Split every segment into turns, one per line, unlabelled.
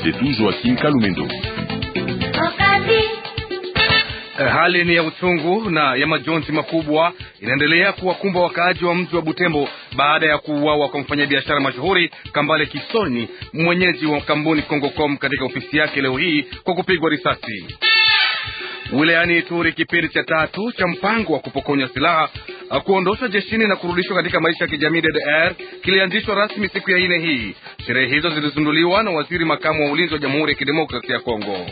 Kazetu Joakim Kalumendo. Eh,
hali ni ya uchungu na ya majonzi makubwa inaendelea kuwakumba wakaaji wa mji wa Butembo baada ya kuuawa kwa mfanyabiashara mashuhuri Kambale Kisoni, mwenyeji wa kampuni Kongocom, katika ofisi yake leo hii kwa kupigwa risasi. Wilayani Ituri, kipindi cha tatu cha mpango wa kupokonya silaha Uh, kuondoshwa jeshini na kurudishwa katika maisha ya kijamii DDR kilianzishwa rasmi siku ya ine hii. Sherehe hizo zilizunduliwa na waziri makamu wa ulinzi wa Jamhuri ya Kidemokrasia ya Kongo.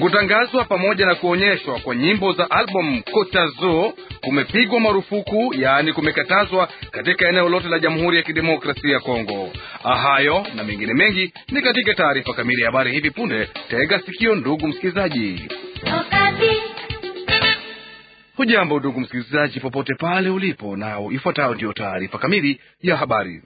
Kutangazwa pamoja na kuonyeshwa kwa nyimbo za albamu Kotazo kumepigwa marufuku, yaani kumekatazwa katika eneo lote la Jamhuri ya Kidemokrasia ya Kongo. Ah, hayo na mengine mengi ni katika taarifa kamili ya habari hivi punde. Tega sikio, ndugu msikilizaji. Hujambo ndugu msikilizaji, popote pale ulipo, nao ifuatayo ndiyo taarifa kamili ya habari.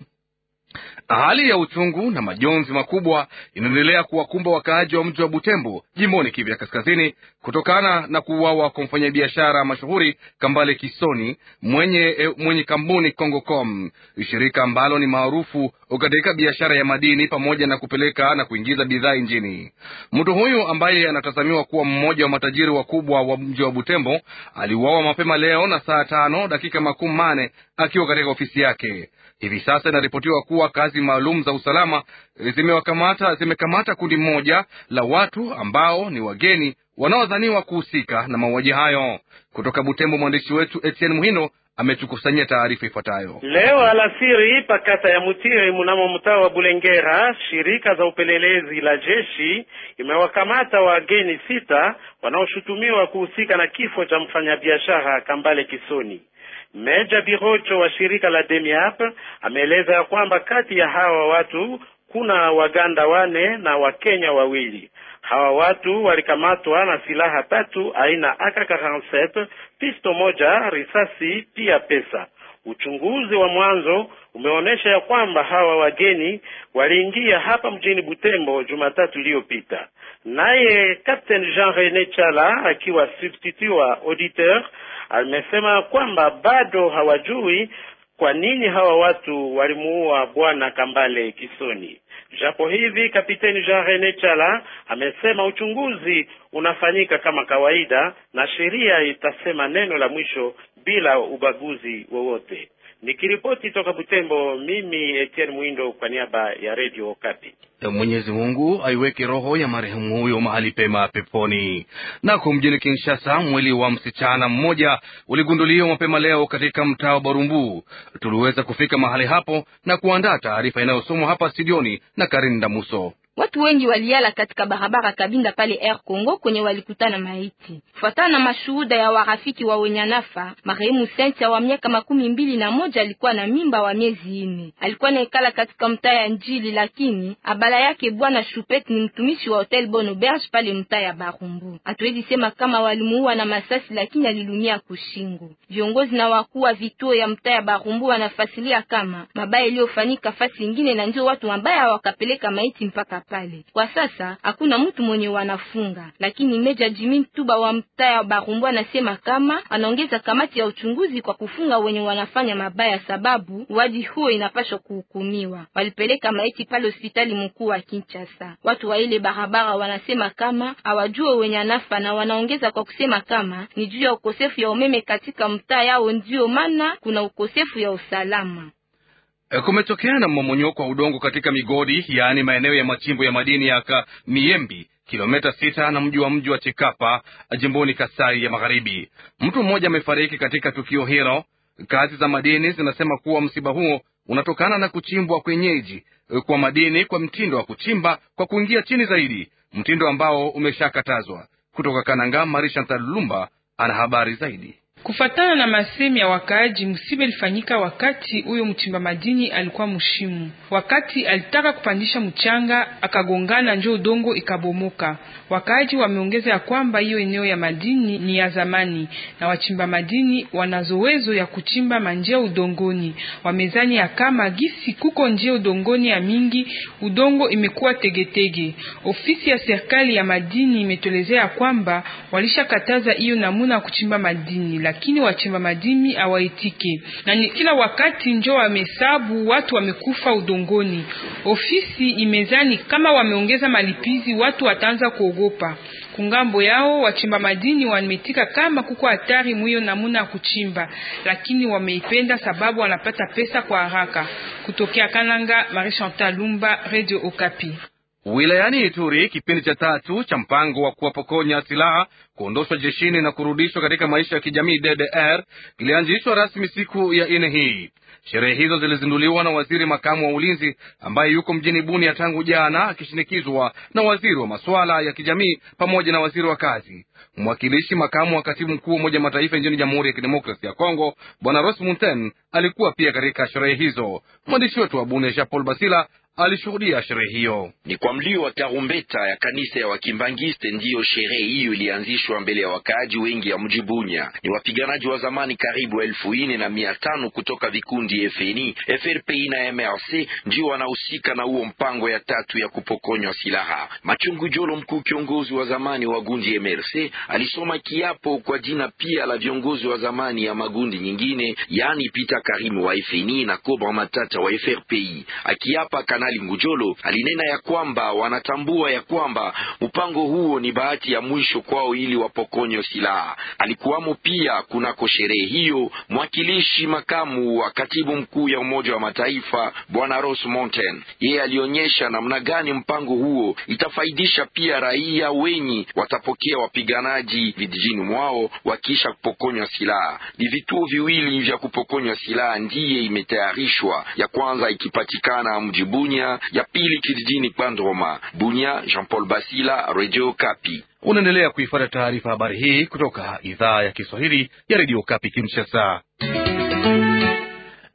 Hali ya uchungu na majonzi makubwa inaendelea kuwakumba wakaaji wa mji wa Butembo jimboni Kivu ya Kaskazini kutokana na kuuawa kwa mfanyabiashara mashuhuri Kambale Kisoni mwenye, eh, mwenye kampuni Congocom, shirika ambalo ni maarufu katika biashara ya madini pamoja na kupeleka na kuingiza bidhaa nchini. Mtu huyu ambaye anatazamiwa kuwa mmoja wa matajiri wakubwa wa mji wa Butembo aliuawa mapema leo na saa tano dakika makumi mane akiwa katika ofisi yake. Hivi sasa inaripotiwa kuwa kazi maalum za usalama eh, zimewakamata zimekamata kundi moja la watu ambao ni wageni wanaodhaniwa kuhusika na mauaji hayo. Kutoka Butembo, mwandishi wetu Etienne Muhino ametukusanyia taarifa ifuatayo.
Leo alasiri pakata ya Mutiri mnamo mtaa wa Bulengera, shirika za upelelezi la jeshi imewakamata wageni sita wanaoshutumiwa kuhusika na kifo cha mfanyabiashara Kambale Kisoni. Meja Birocho wa shirika la DEMIAP ameeleza ya kwamba kati ya hawa watu kuna Waganda wane na Wakenya wawili. Hawa watu walikamatwa na silaha tatu aina AK47, pisto moja, risasi pia pesa. Uchunguzi wa mwanzo umeonyesha ya kwamba hawa wageni waliingia hapa mjini Butembo Jumatatu iliyopita. Naye Captain Jean Rene Chala akiwa substitute wa auditeur amesema kwamba bado hawajui kwa nini hawa watu walimuua bwana Kambale Kisoni. Japo hivi kapiteni Jean Rene Chala amesema uchunguzi unafanyika kama kawaida na sheria itasema neno la mwisho bila ubaguzi wowote. Nikiripoti toka Butembo, mimi Etienne Mwindo kwa niaba ya Radio Okapi.
Mwenyezi Mungu aiweke roho ya marehemu huyo mahali pema peponi. Nako mjini Kinshasa, mwili wa msichana mmoja uligunduliwa mapema leo katika mtaa wa Barumbu. Tuliweza kufika mahali hapo na kuandaa taarifa inayosomwa hapa studioni na Karinda Muso.
Watu wengi waliala katika barabara Kabinda pale Air Congo kwenye walikutana maiti. Kufuatana na mashuhuda ya warafiki wa Wenyanafa, nafa, marehemu Sentia wa miaka makumi mbili na moja alikuwa na mimba wa miezi ine. Alikuwa naekala katika mtaa ya Njili, lakini abala yake bwana Shupet ni mtumishi wa Hotel Bonoberge pale mtaa ya Barumbu. Hatuwezi sema kama walimuua na masasi, lakini alilumia kushingo. Viongozi na wakuu wa vituo ya mtaa ya Barumbu wanafasilia kama mabaya iliyofanyika fasi ingine, na ndio watu mabaya wakapeleka maiti mpaka pale. Kwa sasa hakuna mtu mwenye wanafunga, lakini Meja Jimin Mtuba wa mtaa wa Barumbwa anasema kama anaongeza kamati ya uchunguzi kwa kufunga wenye wanafanya mabaya, sababu waji huo inapaswa kuhukumiwa. Walipeleka maiti pale hospitali mkuu wa Kinshasa. Watu wa ile barabara wanasema kama hawajua wenye anafa, na wanaongeza kwa kusema kama ni juu ya ukosefu ya umeme katika mtaa yao, ndio maana kuna ukosefu ya usalama.
Eh, kumetokea na mmomonyoko wa udongo katika migodi, yaani maeneo ya machimbo ya madini ya Miembi, kilomita sita na mji wa mji wa Chikapa, jimboni Kasai ya Magharibi. Mtu mmoja amefariki katika tukio hilo. Kazi za madini zinasema kuwa msiba huo unatokana na kuchimbwa kwenyeji eh, kwa madini kwa mtindo wa kuchimba kwa kuingia chini zaidi, mtindo ambao umeshakatazwa. Kutoka Kananga, Marisha ana habari zaidi.
Kufatana na masemi ya wakaaji, msiba ilifanyika wakati huyo mchimba madini alikuwa mshimu. Wakati alitaka kupandisha mchanga akagongana, njo udongo ikabomoka. Wakaaji wameongeza ya kwamba hiyo eneo ya madini ni ya zamani na wachimba madini wanazowezo ya kuchimba manjia udongoni. Wamezani ya kama gisi kuko njia udongoni ya mingi, udongo imekuwa tegetege. Ofisi ya serikali ya madini imetolezea ya kwamba walishakataza hiyo namuna kuchimba madini lakini wachimba madini hawaitike, na ni kila wakati njo wamesabu watu wamekufa udongoni. Ofisi imezani kama wameongeza malipizi watu wataanza kuogopa. Kungambo yao wachimba madini wametika kama kuko hatari mwiyo namuna ya kuchimba, lakini wameipenda sababu wanapata pesa kwa haraka. Kutokea Kananga, Marie Chantal Lumba, Radio Okapi.
Wilayani Ituri, kipindi cha tatu cha mpango wa kuwapokonya silaha, kuondoshwa jeshini na kurudishwa katika maisha ya kijamii DDR kilianzishwa rasmi siku ya nne hii. Sherehe hizo zilizinduliwa na waziri makamu wa ulinzi ambaye yuko mjini Bunia tangu jana, akishinikizwa na waziri wa masuala ya kijamii pamoja na waziri wa kazi. Mwakilishi makamu wa katibu mkuu wa Umoja Mataifa nchini Jamhuri ya Kidemokrasi ya Kongo, Bwana Ros Munten alikuwa pia katika sherehe hizo. Mwandishi wetu wa Bunia, Jean Paul Basila, alishuhudia sherehe hiyo.
Ni kwa mlio wa tarumbeta ya kanisa ya Wakimbangiste ndiyo sherehe hiyo ilianzishwa mbele ya wakaaji wengi ya mji Bunya. Ni wapiganaji wa zamani karibu elfu ine na mia tano kutoka vikundi FNI, FRPI na MRC ndio wanahusika na huo mpango ya tatu ya kupokonywa silaha. Machungu Jolo, mkuu kiongozi wa zamani wa gundi MRC, alisoma kiapo kwa jina pia la viongozi wa zamani ya magundi nyingine, yaani Pita Karimu wa FNI na Kobra Matata wa FRPI, akiapa kana Kanali Ngujolo alinena ya kwamba wanatambua ya kwamba mpango huo ni bahati ya mwisho kwao ili wapokonywe silaha. Alikuwamo pia kunako sherehe hiyo mwakilishi makamu wa katibu mkuu ya Umoja wa Mataifa Bwana Ross Monten. Yeye alionyesha namna gani mpango huo itafaidisha pia raia wenyi watapokea wapiganaji vijijini mwao wakiisha kupokonywa silaha. Ni vituo viwili vya kupokonywa silaha ndiye imetayarishwa, ya kwanza ikipatikana mjibuni Bunya ya pili kijijini Bandoma. Bunya, Jean Paul Basila, Radio Kapi.
Unaendelea kuifuata taarifa habari hii kutoka idhaa ya Kiswahili ya Radio Kapi Kinshasa.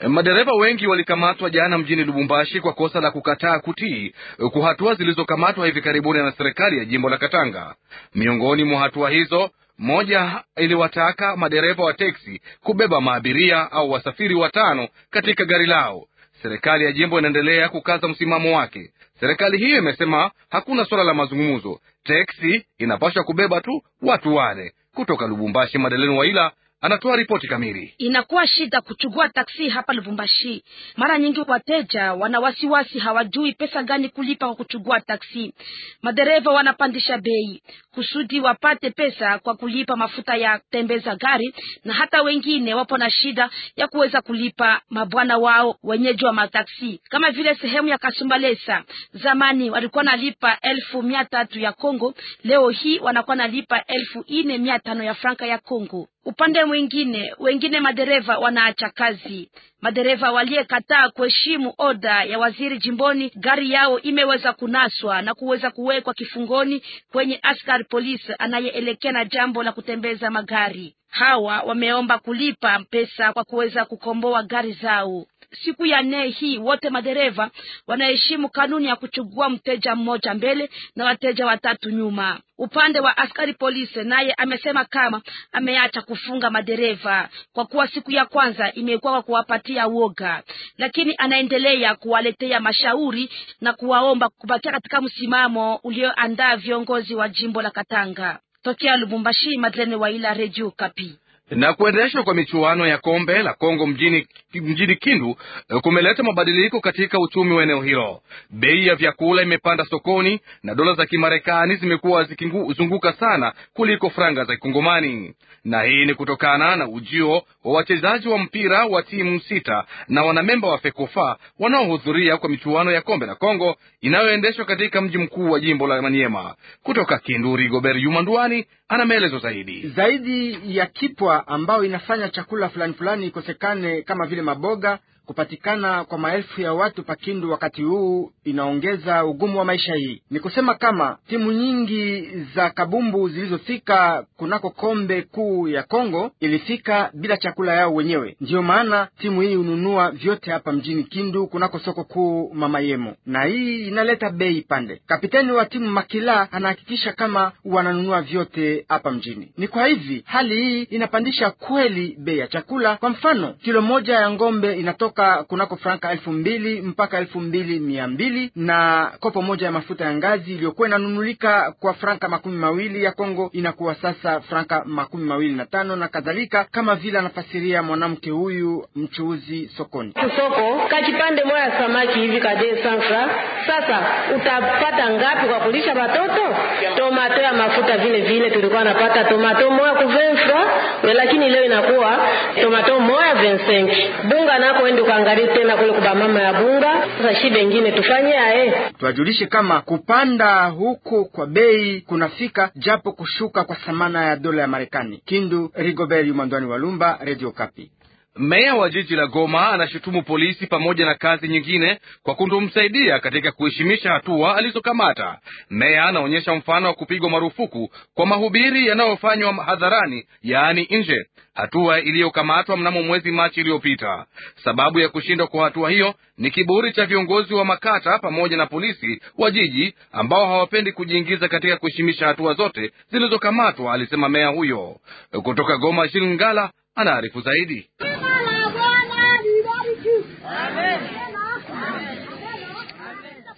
Madereva wengi walikamatwa jana mjini Lubumbashi kwa kosa la kukataa kutii kwa hatua zilizokamatwa hivi karibuni na serikali ya jimbo la Katanga. Miongoni mwa hatua hizo, moja iliwataka madereva wa teksi kubeba maabiria au wasafiri watano katika gari lao, Serikali ya jimbo inaendelea kukaza msimamo wake. Serikali hiyo imesema hakuna suala la mazungumzo, teksi inapaswa kubeba tu watu wane kutoka Lubumbashi. Madeleni Waila, anatoa ripoti kamili.
Inakuwa shida kuchugua taksi hapa Lubumbashi. Mara nyingi wateja wana wasiwasi, hawajui pesa gani kulipa kwa kuchugua taksi. Madereva wanapandisha bei kusudi wapate pesa kwa kulipa mafuta ya tembeza gari, na hata wengine wapo na shida ya kuweza kulipa mabwana wao wenyeji wa mataksi, kama vile sehemu ya Kasumbalesa. Zamani walikuwa nalipa elfu mia tatu ya Kongo, leo hii wanakuwa nalipa elfu ine mia tano ya franka ya Kongo. Upande mwingine, wengine madereva wanaacha kazi. Madereva waliyekataa kuheshimu oda ya waziri jimboni, gari yao imeweza kunaswa na kuweza kuwekwa kifungoni kwenye askari polisi anayeelekea na jambo la kutembeza magari. Hawa wameomba kulipa pesa kwa kuweza kukomboa gari zao siku ya nne hii wote madereva wanaheshimu kanuni ya kuchukua mteja mmoja mbele na wateja watatu nyuma. Upande wa askari polisi naye amesema kama ameacha kufunga madereva kwa kuwa siku ya kwanza imekuwa kwa kuwapatia woga, lakini anaendelea kuwaletea mashauri na kuwaomba kubakia katika msimamo ulioandaa viongozi wa jimbo la Katanga. Tokea Lubumbashi, Madlene Waila, Radio Kapi
na kuendeshwa kwa michuano ya kombe la Kongo mjini, mjini Kindu eh, kumeleta mabadiliko katika uchumi wa eneo hilo. Bei ya vyakula imepanda sokoni na dola za Kimarekani zimekuwa zikizunguka sana kuliko franga za Kikongomani, na hii ni kutokana na ujio wa wachezaji wa mpira wa timu sita na wanamemba wa FEKOFA wanaohudhuria kwa michuano ya kombe la Kongo inayoendeshwa katika mji mkuu wa jimbo la Maniema. Kutoka Kindu, Rigobert Yumanduani, ana maelezo zaidi
zaidi ya kipwa ambayo inafanya chakula fulani fulani ikosekane kama vile maboga Kupatikana kwa maelfu ya watu Pakindu wakati huu inaongeza ugumu wa maisha. Hii ni kusema kama timu nyingi za kabumbu zilizofika kunako kombe kuu ya Kongo ilifika bila chakula yao wenyewe. Ndiyo maana timu hii hununua vyote hapa mjini Kindu kunako soko kuu Mamayemo, na hii inaleta bei pande. Kapiteni wa timu Makila anahakikisha kama wananunua vyote hapa mjini. Ni kwa hivi hali hii inapandisha kweli bei ya chakula. Kwa mfano, kilo moja ya ngombe inatoka kutoka kunako franka elfu mbili mpaka elfu mbili mia mbili na kopo moja ya mafuta ya ngazi iliyokuwa inanunulika kwa franka makumi mawili ya Kongo inakuwa sasa franka makumi mawili na tano na kadhalika, kama vile anafasiria mwanamke huyu mchuuzi sokoni.
Soko kakipande moya samaki hivi kade sanfra, sasa utapata ngapi kwa kulisha watoto? Tomato ya mafuta vile vile tulikuwa napata tomato moya kuvenfra, lakini leo inakuwa tomato moya vensenki bunga nako ende ukaangalie tena kule kwa mama ya bunga. Sasa shida nyingine tufanye ae,
tuwajulishe kama kupanda huku kwa bei kunafika japo kushuka kwa thamana ya dola ya Marekani. Kindu, Rigobert Yumandwani Walumba, Radio Kapi.
Meya wa jiji la Goma anashutumu polisi pamoja na kazi nyingine kwa kutomsaidia katika kuheshimisha hatua alizokamata. Meya anaonyesha mfano wa kupigwa marufuku kwa mahubiri yanayofanywa hadharani, yaani nje, hatua iliyokamatwa mnamo mwezi Machi iliyopita. Sababu ya kushindwa kwa hatua hiyo ni kiburi cha viongozi wa makata pamoja na polisi wa jiji ambao hawapendi kujiingiza katika kuheshimisha hatua zote zilizokamatwa, alisema meya huyo. Kutoka Goma, Shilingala anaarifu zaidi.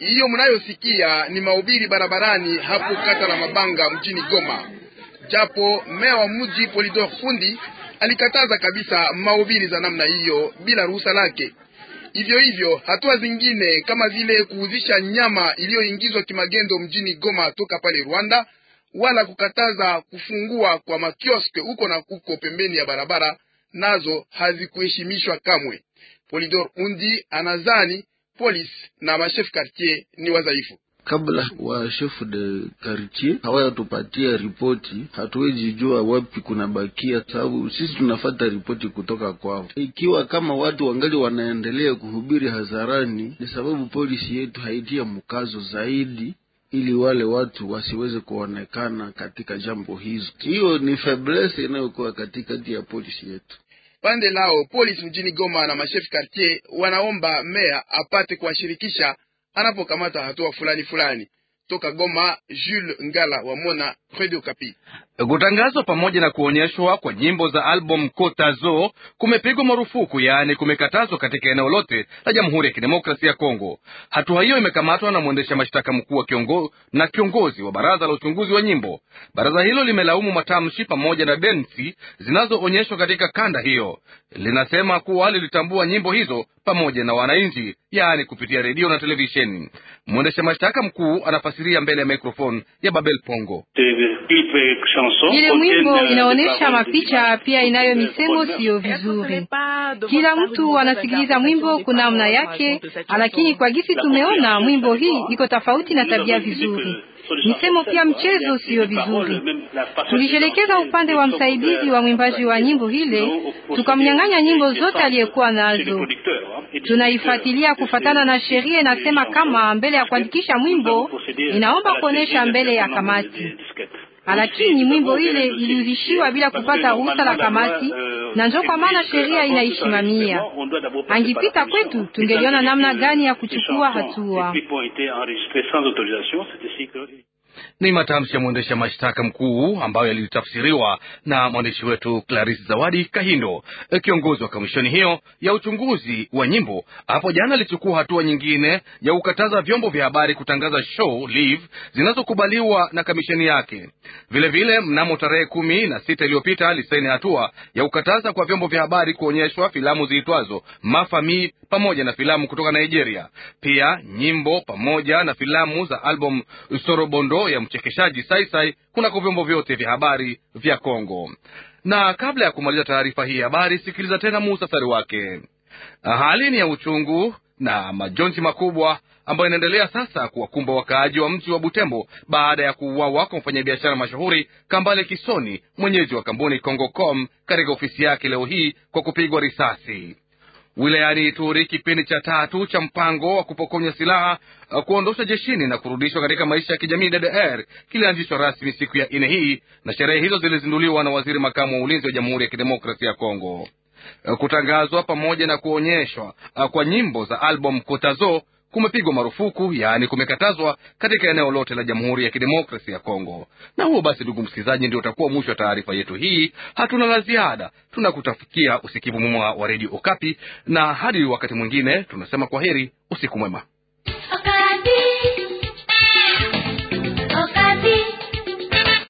Hiyo mnayosikia
ni mahubiri barabarani hapo kata la Mabanga mjini Goma, japo meya wa mji Polidor Fundi alikataza kabisa mahubiri za namna hiyo bila ruhusa lake. Hivyo hivyo hatua zingine kama vile kuuzisha nyama iliyoingizwa kimagendo mjini Goma toka pale Rwanda, wala kukataza kufungua kwa makioske huko na kuko pembeni ya barabara, nazo hazikuheshimishwa kamwe. Polidor Undi anazani polisi na mashefu kartier ni wadhaifu.
Kabla wa chef de quartier hawayatupatia ripoti, hatuwezi jua wapi kuna bakia, sababu sisi tunafata ripoti kutoka kwao. Ikiwa kama watu wangali wanaendelea kuhubiri hadharani, ni sababu polisi yetu haitia mkazo zaidi ili wale watu wasiweze kuonekana katika jambo hizo. Hiyo ni feblese inayokuwa katikati ya polisi yetu.
Pande lao polisi mjini Goma na mashefi quartier wanaomba meya apate kuwashirikisha anapokamata hatua fulani fulani. Toka Goma, Jules Ngala Wamona, Radio Kapi. Kutangazwa pamoja na kuonyeshwa kwa nyimbo za album Kotazo kumepigwa marufuku, yaani kumekatazwa katika eneo lote la Jamhuri ya Kidemokrasia ya Kongo. Hatua hiyo imekamatwa na mwendesha mashtaka mkuu kiongo, na kiongozi wa baraza la uchunguzi wa nyimbo. Baraza hilo limelaumu matamshi pamoja na densi zinazoonyeshwa katika kanda hiyo. Linasema kuwa lilitambua nyimbo hizo pamoja na wananchi, yaani kupitia redio na televisheni. Mwendesha mashtaka mkuu anafasiria mbele ya mikrofoni ya Babel Pongo.
Ile mwimbo euh,
inaonyesha
mapicha pia inayo euh, misemo siyo vizuri. Kila mtu anasikiliza mwimbo kuna namna yake, lakini kwa gisi tumeona mwimbo hii iko tofauti na tabia vizuri misemo pia mchezo siyo vizuri. Tulishelekeza upande wa msaidizi wa mwimbaji wa nyimbo hile, tukamnyang'anya nyimbo zote aliyekuwa nazo. Tunaifuatilia kufatana na sheria inasema kama mbele ya kuandikisha mwimbo inaomba kuonesha mbele ya kamati. Lakini mwimbo ile iliivishiwa bila kupata ruhusa la kamati, na ndio kwa maana sheria inaishimamia. Angipita kwetu, tungeliona namna gani ya kuchukua hatua
ni matamshi ya mwendesha mashtaka mkuu ambayo yalitafsiriwa na mwandishi wetu Clarisi Zawadi Kahindo. E, kiongozi wa kamishoni hiyo ya uchunguzi wa nyimbo hapo jana alichukua hatua nyingine ya kukataza vyombo vya habari kutangaza show live zinazokubaliwa na kamisheni yake. Vilevile mnamo tarehe kumi na sita iliyopita alisaini hatua ya kukataza kwa vyombo vya habari kuonyeshwa filamu ziitwazo Mafami pamoja na filamu kutoka Nigeria, pia nyimbo pamoja na filamu za album Sorobondo ya mchekeshaji Saisai kunako vyombo vyote vya habari vya Kongo. Na kabla ya kumaliza taarifa hii habari, sikiliza tena muhtasari wake. Hali ni ya uchungu na majonzi makubwa ambayo inaendelea sasa kuwakumba wakaaji wa mji wa Butembo baada ya kuuawa kwa mfanyabiashara mashuhuri Kambale Kisoni, mwenyezi wa kampuni com katika ofisi yake leo hii kwa kupigwa risasi wilayani Ituri kipindi cha tatu cha mpango wa kupokonywa silaha uh, kuondosha jeshini na kurudishwa katika maisha ya kijamii DDR kilianzishwa rasmi siku ya nne hii, na sherehe hizo zilizinduliwa na waziri makamu wa ulinzi wa Jamhuri ya Kidemokrasia ya Kongo. Uh, kutangazwa pamoja na kuonyeshwa uh, kwa nyimbo za album Kotazo kumepigwa marufuku, yaani kumekatazwa katika eneo lote la Jamhuri ya Kidemokrasi ya Kongo. Na huo basi, ndugu msikilizaji, ndio utakuwa mwisho wa taarifa yetu hii. Hatuna la ziada, tunakutafikia usikivu mwema wa redio Okapi, na hadi wakati mwingine tunasema kwa heri, usiku mwema.